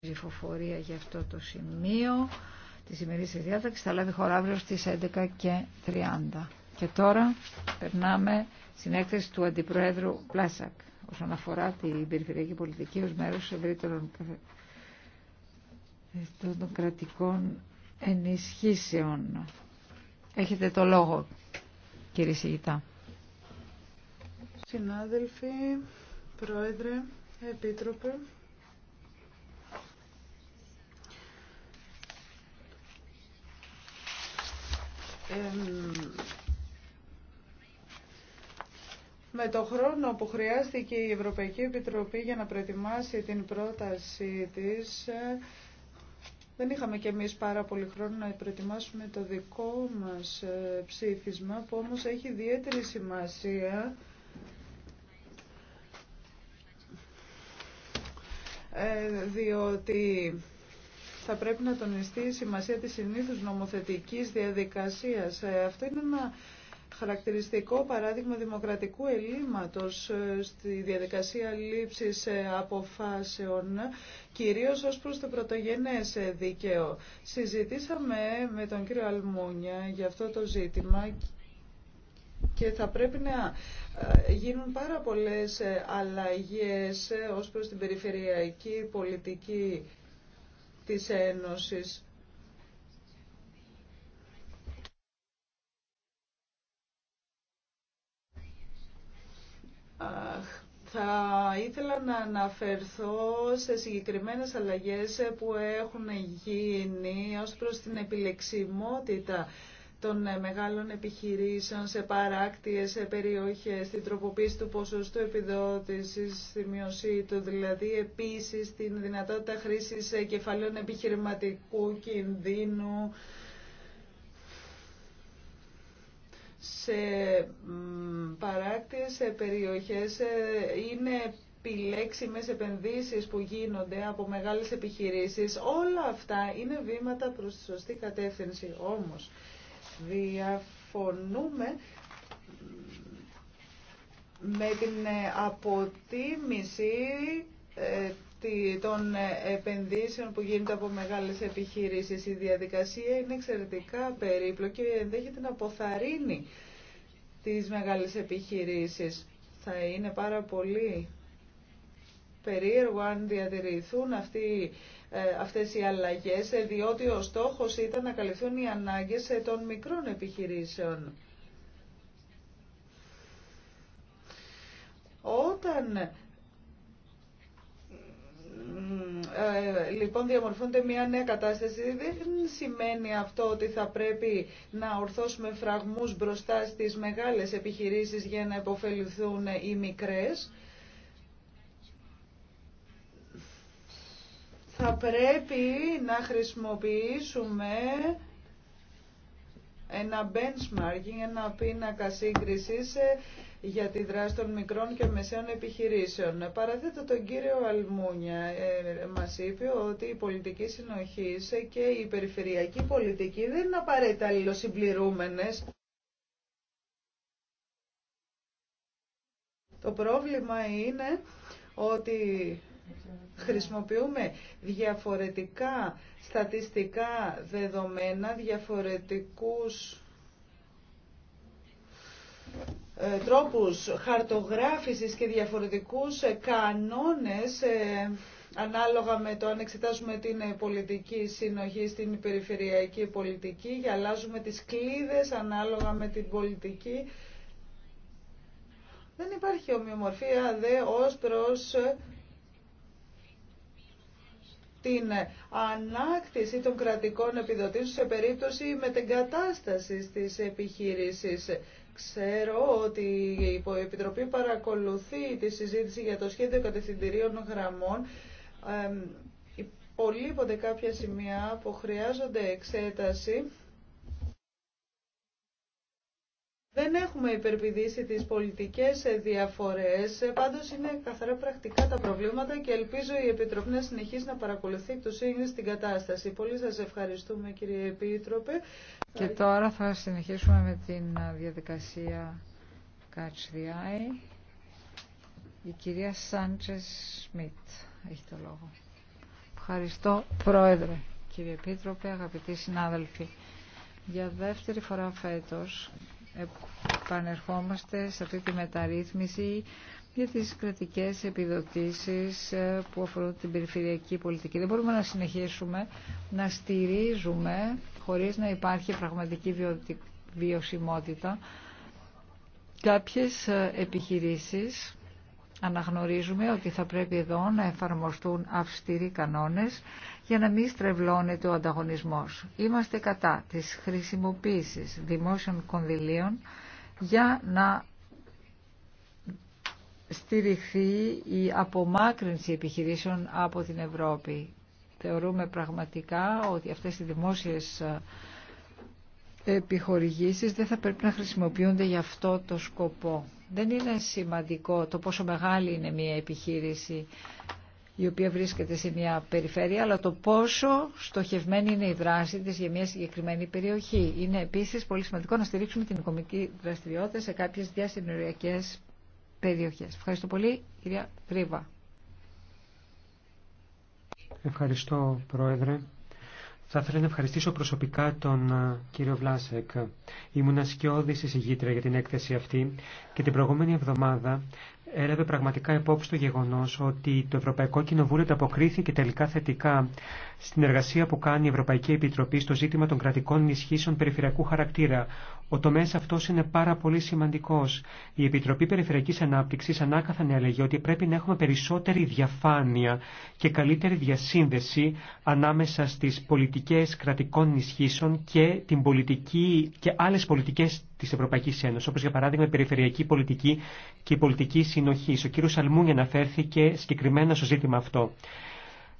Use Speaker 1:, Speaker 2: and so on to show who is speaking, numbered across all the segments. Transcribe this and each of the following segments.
Speaker 1: ψηφοφορία για αυτό το σημείο τη ημερήσια διάταξη θα λάβει χώρα αύριο στι 11 και 30. Και τώρα περνάμε στην έκθεση του Αντιπροέδρου Πλάσακ όσον αφορά την περιφερειακή πολιτική ως μέρος ευρύτερων των κρατικών ενισχύσεων. Έχετε το λόγο, κύριε Σιγητά.
Speaker 2: Συνάδελφοι, Πρόεδρε, Επίτροπε, Με το χρόνο που χρειάστηκε η Ευρωπαϊκή Επιτροπή για να προετοιμάσει την πρότασή της, δεν είχαμε και εμείς πάρα πολύ χρόνο να προετοιμάσουμε το δικό μας ε, ψήφισμα, που όμως έχει ιδιαίτερη σημασία. Ε, διότι θα πρέπει να τονιστεί η σημασία της συνήθους νομοθετικής διαδικασίας. Ε, αυτό είναι ένα χαρακτηριστικό παράδειγμα δημοκρατικού ελλείμματος ε, στη διαδικασία λήψης ε, αποφάσεων, κυρίως ως προς το πρωτογενές ε, δίκαιο. Συζητήσαμε με τον κύριο Αλμούνια για αυτό το ζήτημα και θα πρέπει να γίνουν πάρα πολλές αλλαγές ως προς την περιφερειακή πολιτική της Ένωσης. Θα ήθελα να αναφερθώ σε συγκεκριμένες αλλαγές που έχουν γίνει ως προς την επιλεξιμότητα των μεγάλων επιχειρήσεων σε παράκτιες σε περιοχές, την τροποποίηση του ποσοστού επιδότησης, τη μειωσή του, δηλαδή επίσης την δυνατότητα χρήσης κεφαλαίων επιχειρηματικού κινδύνου, σε παράκτιες περιοχές ε, είναι επιλέξιμες επενδύσεις που γίνονται από μεγάλες επιχειρήσεις. Όλα αυτά είναι βήματα προς τη σωστή κατεύθυνση. Όμως διαφωνούμε με την αποτίμηση ε, των επενδύσεων που γίνονται από μεγάλες επιχειρήσεις. Η διαδικασία είναι εξαιρετικά περίπλοκη και ενδέχεται να αποθαρρύνει τις μεγάλες επιχειρήσεις. Θα είναι πάρα πολύ περίεργο αν διατηρηθούν αυτοί, ε, αυτές οι αλλαγές, ε, διότι ο στόχος ήταν να καλυφθούν οι ανάγκες ε, των μικρών επιχειρήσεων. Όταν Ε, λοιπόν διαμορφώνεται μια νέα κατάσταση δεν σημαίνει αυτό ότι θα πρέπει να ορθώσουμε φραγμούς μπροστά στις μεγάλες επιχειρήσεις για να επωφεληθούν οι μικρές. Θα πρέπει να χρησιμοποιήσουμε ένα benchmarking, ένα πίνακα σύγκριση ε, για τη δράση των μικρών και μεσαίων επιχειρήσεων. Παραθέτω τον κύριο Αλμούνια, ε, μας είπε ότι η πολιτική συνοχή και η περιφερειακή πολιτική δεν είναι απαραίτητα αλληλοσυμπληρούμενες. Το πρόβλημα είναι ότι Χρησιμοποιούμε διαφορετικά στατιστικά δεδομένα, διαφορετικούς ε, τρόπους χαρτογράφησης και διαφορετικούς ε, κανόνες ε, ανάλογα με το αν εξετάζουμε την πολιτική συνοχή στην περιφερειακή πολιτική και αλλάζουμε τις κλίδες ανάλογα με την πολιτική. Δεν υπάρχει ομοιομορφία δε ως προς την ε, ανάκτηση των κρατικών επιδοτήσεων σε περίπτωση μετεγκατάστασης της επιχείρησης. Ξέρω ότι η Επιτροπή παρακολουθεί τη συζήτηση για το σχέδιο κατευθυντηρίων γραμμών. Ε, υπολείπονται κάποια σημεία που χρειάζονται εξέταση Δεν έχουμε υπερπηδήσει τις πολιτικές διαφορές, πάντως είναι καθαρά πρακτικά τα προβλήματα και ελπίζω η Επιτροπή να συνεχίσει να παρακολουθεί τους σύγχρονη στην κατάσταση. Πολύ σας ευχαριστούμε κύριε Επίτροπε. Και τώρα
Speaker 1: θα συνεχίσουμε με την διαδικασία Catch the Eye. Η κυρία Σάντζες Σμιτ έχει το λόγο. Ευχαριστώ Πρόεδρε, κύριε Επίτροπε, αγαπητοί συνάδελφοι. Για δεύτερη φορά φέτος επανερχόμαστε σε αυτή τη μεταρρύθμιση για τις κρατικές επιδοτήσεις ε, που αφορούν την περιφερειακή πολιτική. Δεν μπορούμε να συνεχίσουμε να στηρίζουμε χωρίς να υπάρχει πραγματική βιωσιμότητα κάποιες ε, επιχειρήσεις Αναγνωρίζουμε ότι θα πρέπει εδώ να εφαρμοστούν αυστηροί κανόνες για να μην στρεβλώνεται ο ανταγωνισμός. Είμαστε κατά της χρησιμοποίησης δημόσιων κονδυλίων για να στηριχθεί η απομάκρυνση επιχειρήσεων από την Ευρώπη. Θεωρούμε πραγματικά ότι αυτές οι δημόσιες επιχορηγήσεις δεν θα πρέπει να χρησιμοποιούνται για αυτό το σκοπό. Δεν είναι σημαντικό το πόσο μεγάλη είναι μια επιχείρηση η οποία βρίσκεται σε μια περιφέρεια, αλλά το πόσο στοχευμένη είναι η δράση της για μια συγκεκριμένη περιοχή. Είναι επίσης πολύ σημαντικό να στηρίξουμε την οικονομική δραστηριότητα σε κάποιες διασυνοριακές περιοχές. Ευχαριστώ πολύ, κυρία Βρύβα.
Speaker 3: Ευχαριστώ, Πρόεδρε. Θα ήθελα να ευχαριστήσω προσωπικά τον ε, κύριο Βλάσεκ. Ήμουν ασκιώδης εισηγήτρια για την έκθεση αυτή και την προηγούμενη εβδομάδα έλαβε πραγματικά υπόψη το γεγονό ότι το Ευρωπαϊκό Κοινοβούλιο αποκρίθηκε τελικά θετικά στην εργασία που κάνει η Ευρωπαϊκή Επιτροπή στο ζήτημα των κρατικών ενισχύσεων περιφερειακού χαρακτήρα. Ο τομέα αυτό είναι πάρα πολύ σημαντικό. Η Επιτροπή Περιφερειακή Ανάπτυξη ανάκαθαν έλεγε ότι πρέπει να έχουμε περισσότερη διαφάνεια και καλύτερη διασύνδεση ανάμεσα στι πολιτικέ κρατικών ενισχύσεων και, και άλλε πολιτικέ τη Ευρωπαϊκή Ένωση, όπω για παράδειγμα η περιφερειακή πολιτική και η πολιτική συνοχή. Ο κύριος Αλμούνια αναφέρθηκε συγκεκριμένα στο ζήτημα αυτό.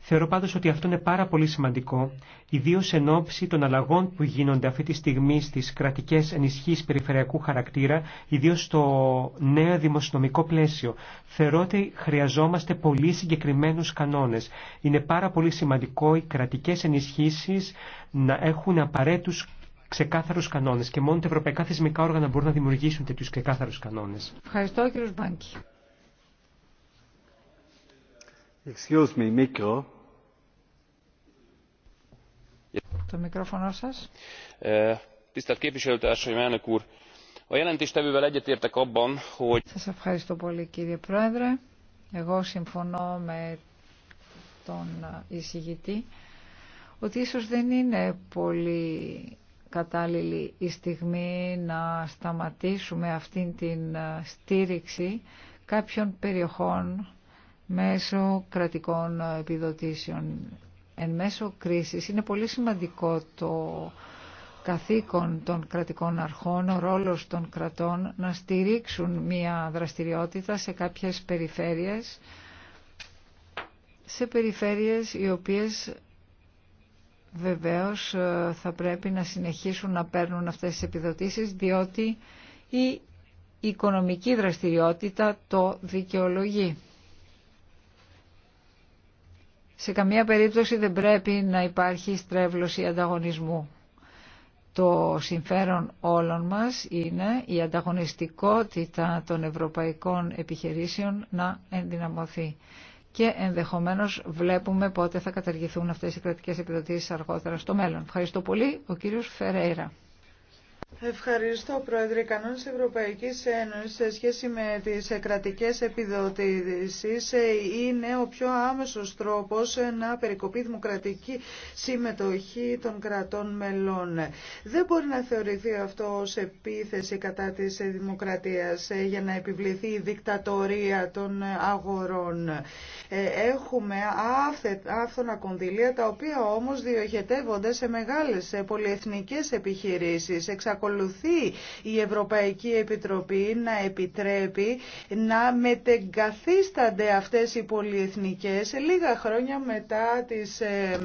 Speaker 3: Θεωρώ πάντως ότι αυτό είναι πάρα πολύ σημαντικό, ιδίω εν ώψη των αλλαγών που γίνονται αυτή τη στιγμή στις κρατικές ενισχύσεις περιφερειακού χαρακτήρα, ιδίω στο νέο δημοσιονομικό πλαίσιο. Θεωρώ ότι χρειαζόμαστε πολύ συγκεκριμένου κανόνε. Είναι πάρα πολύ σημαντικό οι κρατικέ ενισχύσει να έχουν απαραίτητους ξεκάθαρου κανόνε και μόνο τα ευρωπαϊκά θεσμικά όργανα μπορούν να δημιουργήσουν τέτοιου ξεκάθαρου κανόνε.
Speaker 1: Ευχαριστώ, κύριο Μπάνκι.
Speaker 3: Excuse me, micro.
Speaker 1: Το μικρόφωνο σας.
Speaker 3: Ε, tisztelt
Speaker 2: képviselőtársaim, elnök úr! A jelentéstevővel egyetértek abban, hogy...
Speaker 1: Σας ευχαριστώ πολύ κύριε Πρόεδρε. Εγώ συμφωνώ με τον εισηγητή ότι ίσως δεν είναι πολύ κατάλληλη η στιγμή να σταματήσουμε αυτήν την ε, στήριξη κάποιων περιοχών μέσω κρατικών ε, επιδοτήσεων. Εν μέσω κρίσης είναι πολύ σημαντικό το καθήκον των κρατικών αρχών, ο ρόλος των κρατών να στηρίξουν μια δραστηριότητα σε κάποιες περιφέρειες, σε περιφέρειες οι οποίες βεβαίως ε, θα πρέπει να συνεχίσουν να παίρνουν αυτές τις επιδοτήσεις διότι η οικονομική δραστηριότητα το δικαιολογεί. Σε καμία περίπτωση δεν πρέπει να υπάρχει στρέβλωση ανταγωνισμού. Το συμφέρον όλων μας είναι η ανταγωνιστικότητα των ευρωπαϊκών επιχειρήσεων να ενδυναμωθεί και ενδεχομένως βλέπουμε πότε θα καταργηθούν αυτές οι κρατικές επιδοτήσεις αργότερα στο μέλλον. Ευχαριστώ πολύ. Ο κύριος Φερέιρα.
Speaker 2: Ευχαριστώ, Πρόεδρε. Οι κανόνε Ευρωπαϊκή Ένωση σε σχέση με τι κρατικέ επιδοτήσει είναι ο πιο άμεσο τρόπο να περικοπεί δημοκρατική συμμετοχή των κρατών μελών. Δεν μπορεί να θεωρηθεί αυτό ω επίθεση κατά τη δημοκρατία για να επιβληθεί η δικτατορία των αγορών. Ε, έχουμε άφθονα κονδυλία τα οποία όμω διοχετεύονται σε μεγάλε πολυεθνικέ επιχειρήσει παρακολουθεί η Ευρωπαϊκή Επιτροπή να επιτρέπει να μετεγκαθίστανται αυτές οι πολυεθνικές λίγα χρόνια μετά τις ε,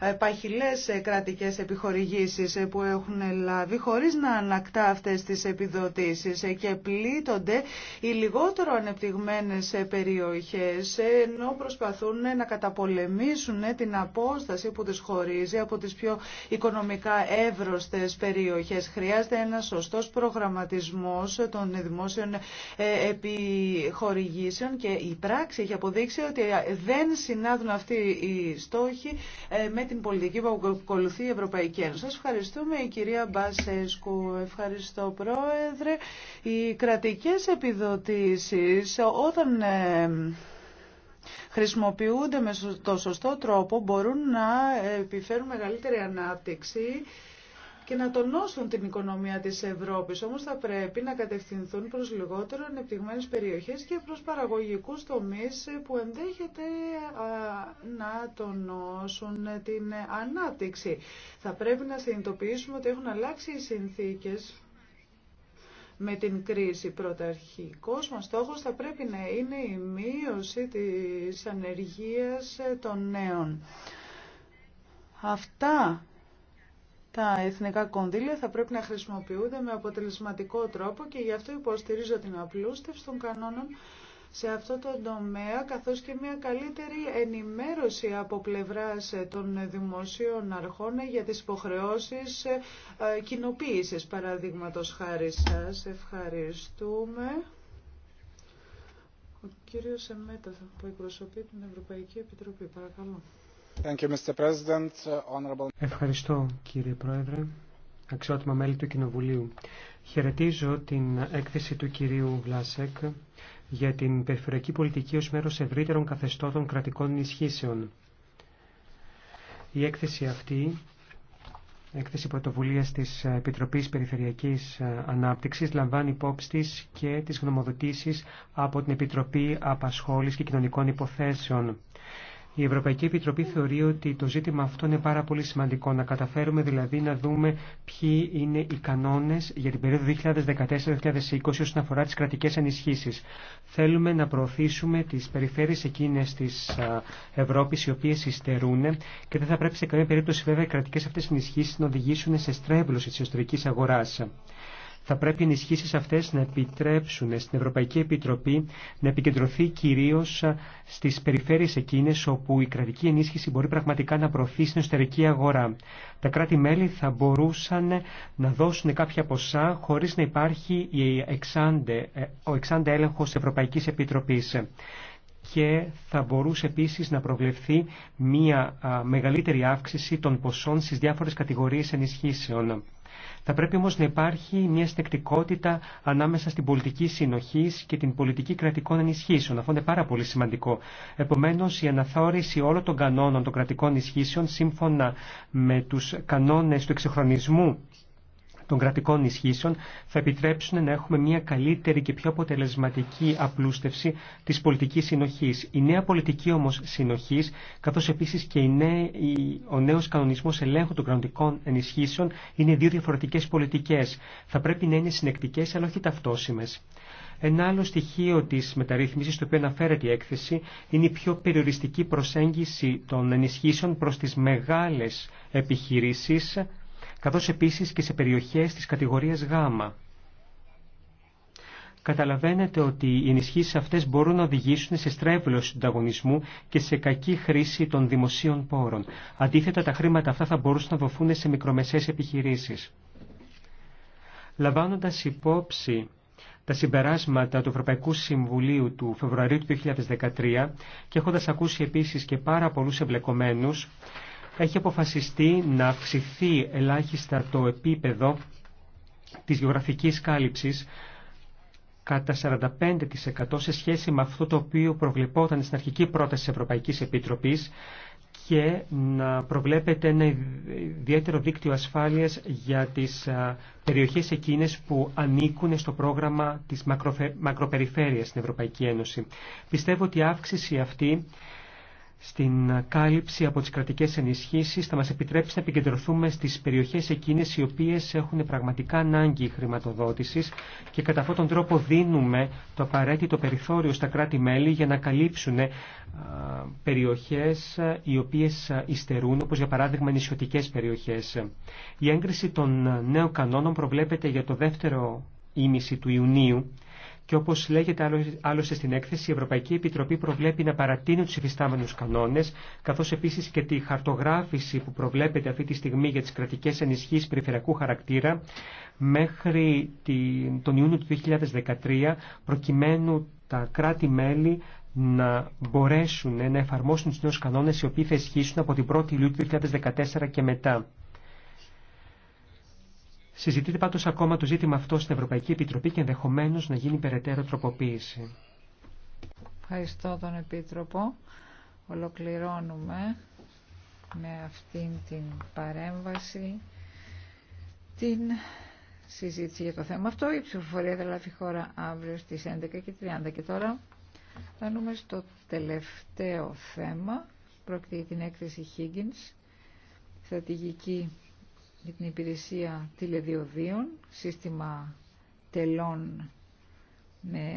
Speaker 2: ε, παχυλές κρατικές επιχορηγήσεις που έχουν λάβει χωρίς να ανακτά αυτές τις επιδοτήσεις και πλήττονται οι λιγότερο ανεπτυγμένες περιοχές ενώ προσπαθούν να καταπολεμήσουν την απόσταση που τις χωρίζει από τις πιο οικονομικά εύρωστες περιοχές. Χρειάζεται ένα σωστός προγραμματισμός των δημόσιων ε, επιχορηγήσεων και η πράξη έχει αποδείξει ότι ε, δεν συνάδουν αυτοί οι στόχοι ε, με την πολιτική που ακολουθεί η Ευρωπαϊκή Ένωση. Σας ευχαριστούμε η κυρία Μπασέσκου. Ευχαριστώ πρόεδρε. Οι κρατικές επιδοτήσεις όταν χρησιμοποιούνται με το σωστό τρόπο μπορούν να επιφέρουν μεγαλύτερη ανάπτυξη και να τονώσουν την οικονομία της Ευρώπης. Όμως θα πρέπει να κατευθυνθούν προς λιγότερο ανεπτυγμένες περιοχές και προς παραγωγικούς τομείς που ενδέχεται να τονώσουν την ανάπτυξη. Θα πρέπει να συνειδητοποιήσουμε ότι έχουν αλλάξει οι συνθήκες με την κρίση. Πρωταρχικός μας στόχος θα πρέπει να είναι η μείωση της ανεργίας των νέων. Αυτά τα εθνικά κονδύλια θα πρέπει να χρησιμοποιούνται με αποτελεσματικό τρόπο και γι' αυτό υποστηρίζω την απλούστευση των κανόνων σε αυτό το τομέα, καθώς και μια καλύτερη ενημέρωση από πλευράς ε, των δημοσίων αρχών για τις υποχρεώσεις ε, ε, κοινοποίησης, παραδείγματος χάρη σας. Ευχαριστούμε. Ο κύριος Εμέτα που εκπροσωπεί την Ευρωπαϊκή Επιτροπή, παρακαλώ. Uh,
Speaker 3: Ευχαριστώ κύριε Πρόεδρε, αξιότιμα μέλη του Κοινοβουλίου. Χαιρετίζω την έκθεση του κυρίου Βλάσεκ για την περιφερειακή πολιτική ως μέρος ευρύτερων καθεστώτων κρατικών ενισχύσεων. Η έκθεση αυτή έκθεση πρωτοβουλίας της Επιτροπής Περιφερειακής Ανάπτυξης λαμβάνει υπόψη της και τις γνωμοδοτήσεις από την Επιτροπή Απασχόλης και Κοινωνικών Υποθέσεων. Η Ευρωπαϊκή Επιτροπή θεωρεί ότι το ζήτημα αυτό είναι πάρα πολύ σημαντικό. Να καταφέρουμε δηλαδή να δούμε ποιοι είναι οι κανόνε για την περίοδο 2014-2020 όσον αφορά τι κρατικέ ενισχύσει. Θέλουμε να προωθήσουμε τι περιφέρειε εκείνε τη Ευρώπη οι οποίε υστερούν και δεν θα πρέπει σε καμία περίπτωση βέβαια οι κρατικέ αυτέ ενισχύσει να οδηγήσουν σε στρέβλωση τη εσωτερική αγορά. Θα πρέπει οι ενισχύσει αυτέ να επιτρέψουν στην Ευρωπαϊκή Επιτροπή να επικεντρωθεί κυρίω στι περιφέρειε εκείνε όπου η κρατική ενίσχυση μπορεί πραγματικά να προωθεί στην εσωτερική αγορά. Τα κράτη-μέλη θα μπορούσαν να δώσουν κάποια ποσά χωρί να υπάρχει η εξάντε, ο εξάντε έλεγχο Ευρωπαϊκή Επιτροπή και θα μπορούσε επίσης να προβλεφθεί μια μεγαλύτερη αύξηση των ποσών στις διάφορες κατηγορίες ενισχύσεων. Θα πρέπει όμως να υπάρχει μια στεκτικότητα ανάμεσα στην πολιτική συνοχή και την πολιτική κρατικών ενισχύσεων. Αυτό είναι πάρα πολύ σημαντικό. Επομένως, η αναθόρηση όλων των κανόνων των κρατικών ενισχύσεων σύμφωνα με τους κανόνες του εξεχρονισμού των κρατικών ισχύσεων θα επιτρέψουν να έχουμε μια καλύτερη και πιο αποτελεσματική απλούστευση της πολιτικής συνοχής. Η νέα πολιτική όμως συνοχής, καθώς επίσης και η νέα, ο νέος κανονισμός ελέγχου των κρατικών ενισχύσεων είναι δύο διαφορετικές πολιτικές. Θα πρέπει να είναι συνεκτικές αλλά όχι ταυτόσιμες. Ένα άλλο στοιχείο τη μεταρρύθμιση, το οποίο αναφέρεται η έκθεση, είναι η πιο περιοριστική προσέγγιση των ενισχύσεων προ τι μεγάλε επιχειρήσει καθώς επίσης και σε περιοχές της κατηγορίας Γ. Καταλαβαίνετε ότι οι ενισχύσει αυτές μπορούν να οδηγήσουν σε στρέβλωση του ανταγωνισμού και σε κακή χρήση των δημοσίων πόρων. Αντίθετα, τα χρήματα αυτά θα μπορούσαν να δοθούν σε μικρομεσαίες επιχειρήσεις. Λαμβάνοντας υπόψη τα συμπεράσματα του Ευρωπαϊκού Συμβουλίου του Φεβρουαρίου του 2013 και έχοντας ακούσει επίσης και πάρα πολλούς εμπλεκομένους, έχει αποφασιστεί να αυξηθεί ελάχιστα το επίπεδο της γεωγραφικής κάλυψης κατά 45% σε σχέση με αυτό το οποίο προβλεπόταν στην αρχική πρόταση της Ευρωπαϊκής Επιτροπής και να προβλέπεται ένα ιδιαίτερο δίκτυο ασφάλειας για τις περιοχές εκείνες που ανήκουν στο πρόγραμμα της μακροπεριφέρειας στην Ευρωπαϊκή Ένωση. Πιστεύω ότι η αύξηση αυτή στην κάλυψη από τις κρατικές ενισχύσεις θα μας επιτρέψει να επικεντρωθούμε στις περιοχές εκείνες οι οποίες έχουν πραγματικά ανάγκη χρηματοδότησης και κατά αυτόν τον τρόπο δίνουμε το απαραίτητο περιθώριο στα κράτη-μέλη για να καλύψουν ε, περιοχές ε, οι οποίες ε, υστερούν, όπως για παράδειγμα νησιωτικές περιοχές. Η έγκριση των νέων κανόνων προβλέπεται για το δεύτερο ήμιση του Ιουνίου και όπως λέγεται άλλωστε στην έκθεση, η Ευρωπαϊκή Επιτροπή προβλέπει να παρατείνει του υφιστάμενους κανόνες, καθώς επίσης και τη χαρτογράφηση που προβλέπεται αυτή τη στιγμή για τις κρατικές ενισχύσει περιφερειακού χαρακτήρα μέχρι τον Ιούνιο του 2013, προκειμένου τα κράτη-μέλη να μπορέσουν να εφαρμόσουν του νέου κανόνες οι οποίοι θα ισχύσουν από την 1η Ιουλίου του 2014 και μετά. Συζητείται πάντως ακόμα το ζήτημα αυτό στην Ευρωπαϊκή Επιτροπή και ενδεχομένω να γίνει περαιτέρω τροποποίηση.
Speaker 1: Ευχαριστώ τον Επίτροπο. Ολοκληρώνουμε με αυτήν την παρέμβαση την συζήτηση για το θέμα αυτό. Η ψηφοφορία θα λάβει χώρα αύριο στις 11.30 και τώρα φτάνουμε στο τελευταίο θέμα. Πρόκειται για την έκθεση Higgins, στρατηγική για την υπηρεσία τηλεδιοδίων, σύστημα τελών με